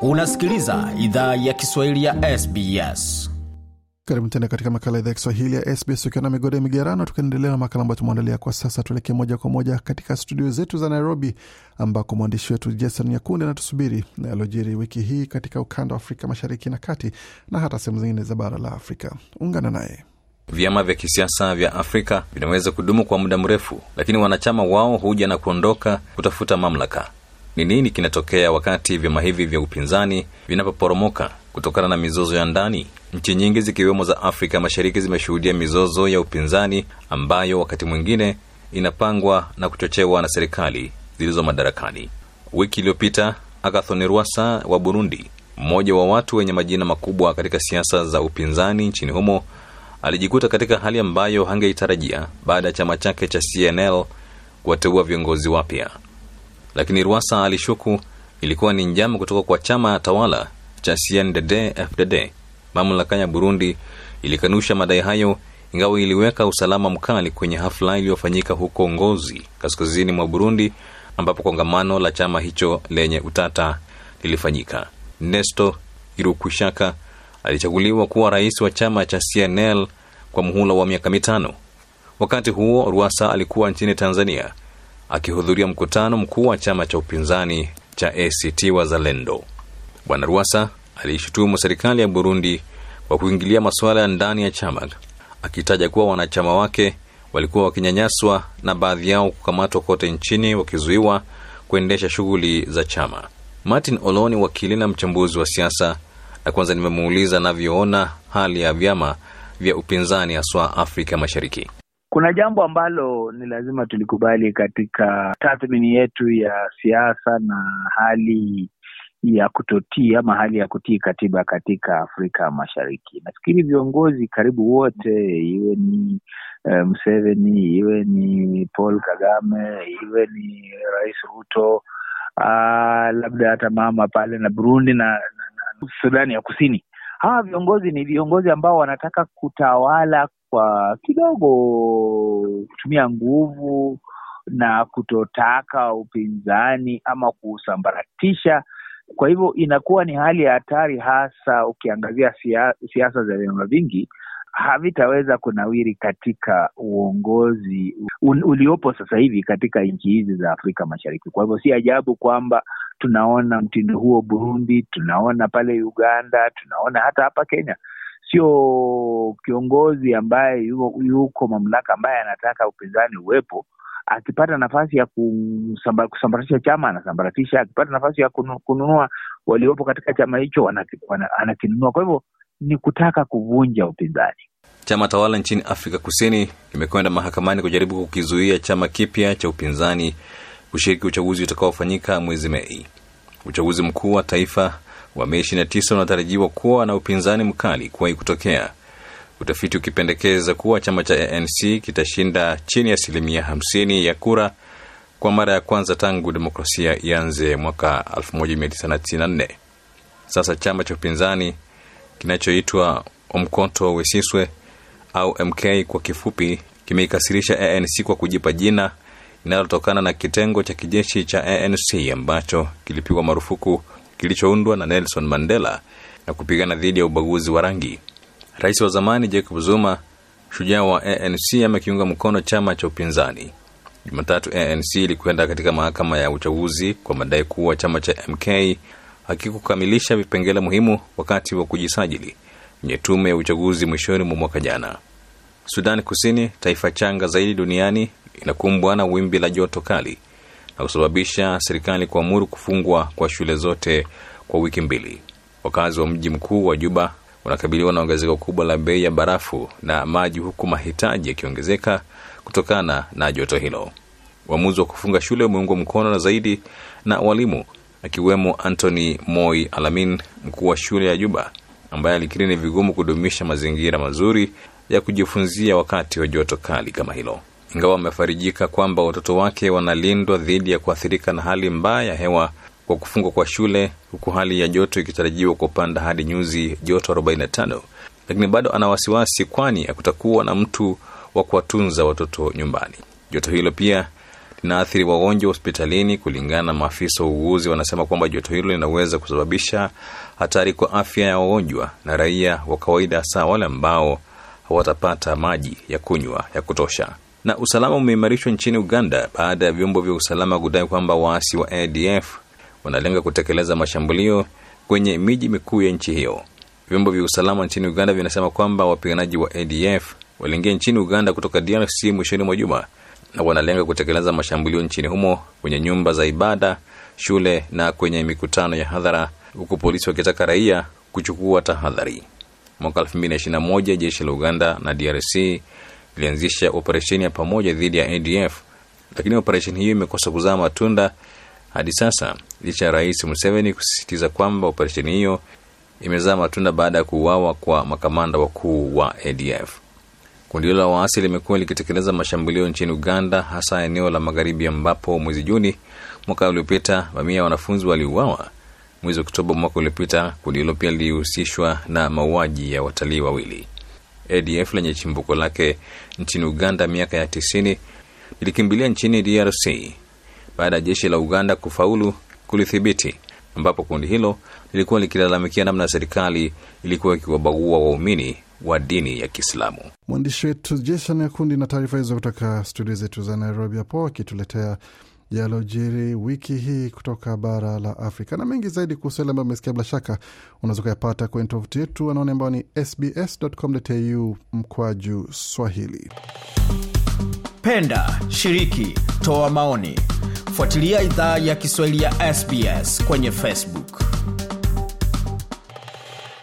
unasikiliza idhaa ya kiswahili ya sbs karibu tena katika makala idhaa ya kiswahili ya sbs ukiwa na migode ya migerano tukiendelea na makala ambayo tumeandalia kwa sasa tuelekee moja kwa moja katika studio zetu za nairobi ambako mwandishi wetu jason nyakundi anatusubiri yalojiri wiki hii katika ukanda wa afrika mashariki na kati na hata sehemu zingine za bara la afrika ungana naye Vyama vya kisiasa vya Afrika vinaweza kudumu kwa muda mrefu, lakini wanachama wao huja na kuondoka kutafuta mamlaka. Ni nini kinatokea wakati vyama hivi vya upinzani vinapoporomoka kutokana na mizozo ya ndani? Nchi nyingi zikiwemo za Afrika Mashariki zimeshuhudia mizozo ya upinzani ambayo wakati mwingine inapangwa na kuchochewa na serikali zilizo madarakani. Wiki iliyopita agathoni Rwasa wa Burundi, mmoja wa watu wenye majina makubwa katika siasa za upinzani nchini humo, alijikuta katika hali ambayo hangeitarajia baada ya chama chake cha CNL kuwateua viongozi wapya lakini Rwasa alishuku ilikuwa ni njama kutoka kwa chama tawala cha CNDD-FDD. Mamlaka ya Burundi ilikanusha madai hayo, ingawa iliweka usalama mkali kwenye hafla iliyofanyika huko Ngozi, kaskazini mwa Burundi, ambapo kongamano la chama hicho lenye utata lilifanyika. Nesto irukushaka alichaguliwa kuwa rais wa chama cha CNL kwa muhula wa miaka mitano. Wakati huo Rwasa alikuwa nchini Tanzania akihudhuria mkutano mkuu wa chama cha upinzani cha ACT Wazalendo. Bwana Rwasa aliishutumu serikali ya Burundi kwa kuingilia masuala ya ndani ya chama, akitaja kuwa wanachama wake walikuwa wakinyanyaswa na baadhi yao kukamatwa kote nchini wakizuiwa kuendesha shughuli za chama. Martin Oloni, wakili na mchambuzi wa siasa, na kwanza nimemuuliza anavyoona hali ya vyama vya upinzani haswa Afrika Mashariki. Kuna jambo ambalo ni lazima tulikubali katika tathmini yetu ya siasa na hali ya kutotii ama hali ya kutii katiba katika Afrika Mashariki. Nafikiri viongozi karibu wote, iwe ni eh, mseveni um, iwe ni Paul Kagame, iwe ni Rais Ruto, uh, labda hata mama pale na Burundi na, na, na Sudani ya Kusini. Hawa viongozi ni viongozi ambao wanataka kutawala kwa kidogo kutumia nguvu na kutotaka upinzani ama kuusambaratisha. Kwa hivyo inakuwa ni hali ya hatari, hasa ukiangazia siasa za vyama vingi havitaweza kunawiri katika uongozi uliopo sasa hivi katika nchi hizi za Afrika Mashariki. Kwa hivyo si ajabu kwamba tunaona mtindo huo Burundi, tunaona pale Uganda, tunaona hata hapa Kenya sio kiongozi ambaye yuko, yuko mamlaka ambaye anataka upinzani uwepo. Akipata nafasi ya kusambaratisha chama anasambaratisha, akipata nafasi ya kununua waliopo katika chama hicho anakinunua. Kwa hivyo ni kutaka kuvunja upinzani. Chama tawala nchini Afrika Kusini kimekwenda mahakamani kujaribu kukizuia chama kipya cha upinzani kushiriki uchaguzi utakaofanyika mwezi Mei. Uchaguzi mkuu wa taifa wa Mei 29 unatarajiwa kuwa na upinzani mkali kuwahi kutokea, utafiti ukipendekeza kuwa chama cha ANC kitashinda chini ya asilimia 50 ya kura kwa mara ya kwanza tangu demokrasia ianze mwaka 1994. Sasa chama cha upinzani kinachoitwa Umkhonto wesiswe au MK kwa kifupi kimeikasirisha ANC kwa kujipa jina linalotokana na kitengo cha kijeshi cha ANC ambacho kilipigwa marufuku kilichoundwa na Nelson Mandela na kupigana dhidi ya ubaguzi wa rangi. Rais wa zamani Jacob Zuma, shujaa wa ANC, amekiunga mkono chama cha upinzani. Jumatatu, ANC ilikwenda katika mahakama ya uchaguzi kwa madai kuwa chama cha MK hakikukamilisha vipengele muhimu wakati wa kujisajili kwenye tume ya uchaguzi mwishoni mwa mwaka jana. Sudani Kusini, taifa changa zaidi duniani, inakumbwa na wimbi la joto kali na kusababisha serikali kuamuru kufungwa kwa shule zote kwa wiki mbili. Wakazi wa mji mkuu wa Juba wanakabiliwa na ongezeko kubwa la bei ya barafu na maji, huku mahitaji yakiongezeka kutokana na joto hilo. Uamuzi wa kufunga shule umeungwa mkono na zaidi na walimu, akiwemo Anthony Moi Alamin, mkuu wa shule ya Juba, ambaye alikiri ni vigumu kudumisha mazingira mazuri ya kujifunzia wakati wa joto kali kama hilo ingawa amefarijika kwamba watoto wake wanalindwa dhidi ya kuathirika na hali mbaya ya hewa kwa kufungwa kwa shule, huku hali ya joto ikitarajiwa kupanda hadi nyuzi joto 45, lakini bado ana wasiwasi, kwani akutakuwa na mtu wa kuwatunza watoto nyumbani. Joto hilo pia linaathiri wagonjwa hospitalini. Kulingana na maafisa wa uuguzi, wanasema kwamba joto hilo linaweza kusababisha hatari kwa afya ya wagonjwa na raia wa kawaida, hasa wale ambao hawatapata maji ya kunywa ya kutosha. Na usalama umeimarishwa nchini Uganda baada ya vyombo vya usalama kudai kwamba waasi wa ADF wanalenga kutekeleza mashambulio kwenye miji mikuu ya nchi hiyo. Vyombo vya usalama nchini Uganda vinasema kwamba wapiganaji wa ADF waliingia nchini Uganda kutoka DRC mwishoni mwa juma na wanalenga kutekeleza mashambulio nchini humo kwenye nyumba za ibada, shule na kwenye mikutano ya hadhara, huku polisi wakitaka raia kuchukua tahadhari. Mwaka 2021 jeshi la Uganda na DRC ilianzisha operesheni ya pamoja dhidi ya ADF, lakini operesheni hiyo imekosa kuzaa matunda hadi sasa, licha ya Rais Museveni kusisitiza kwamba operesheni hiyo imezaa matunda baada ya kuuawa kwa makamanda wakuu wa ADF. Kundi la waasi limekuwa likitekeleza mashambulio nchini Uganda, hasa eneo la magharibi, ambapo mwezi Juni mwaka uliopita mamia ya wanafunzi waliuawa. Mwezi Oktoba mwaka uliopita kundi hilo pia lilihusishwa na mauaji ya watalii wawili. ADF lenye chimbuko lake nchini Uganda miaka ya tisini lilikimbilia nchini DRC baada ya jeshi la Uganda kufaulu kulithibiti, ambapo kundi hilo lilikuwa likilalamikia namna serikali ilikuwa ikiwabagua waumini wa dini ya Kiislamu. Mwandishi wetu Jason Yakundi na taarifa hizo kutoka studio zetu za Nairobi hapo akituletea yalojiri wiki hii kutoka bara la Afrika na mengi zaidi kuhusu yale ambayo umesikia, bila shaka unaweza ukayapata kwenye tovuti yetu anaone ambao ni sbs.com.au mkwaju Swahili. Penda, shiriki, toa maoni, fuatilia idhaa ya Kiswahili ya SBS kwenye Facebook.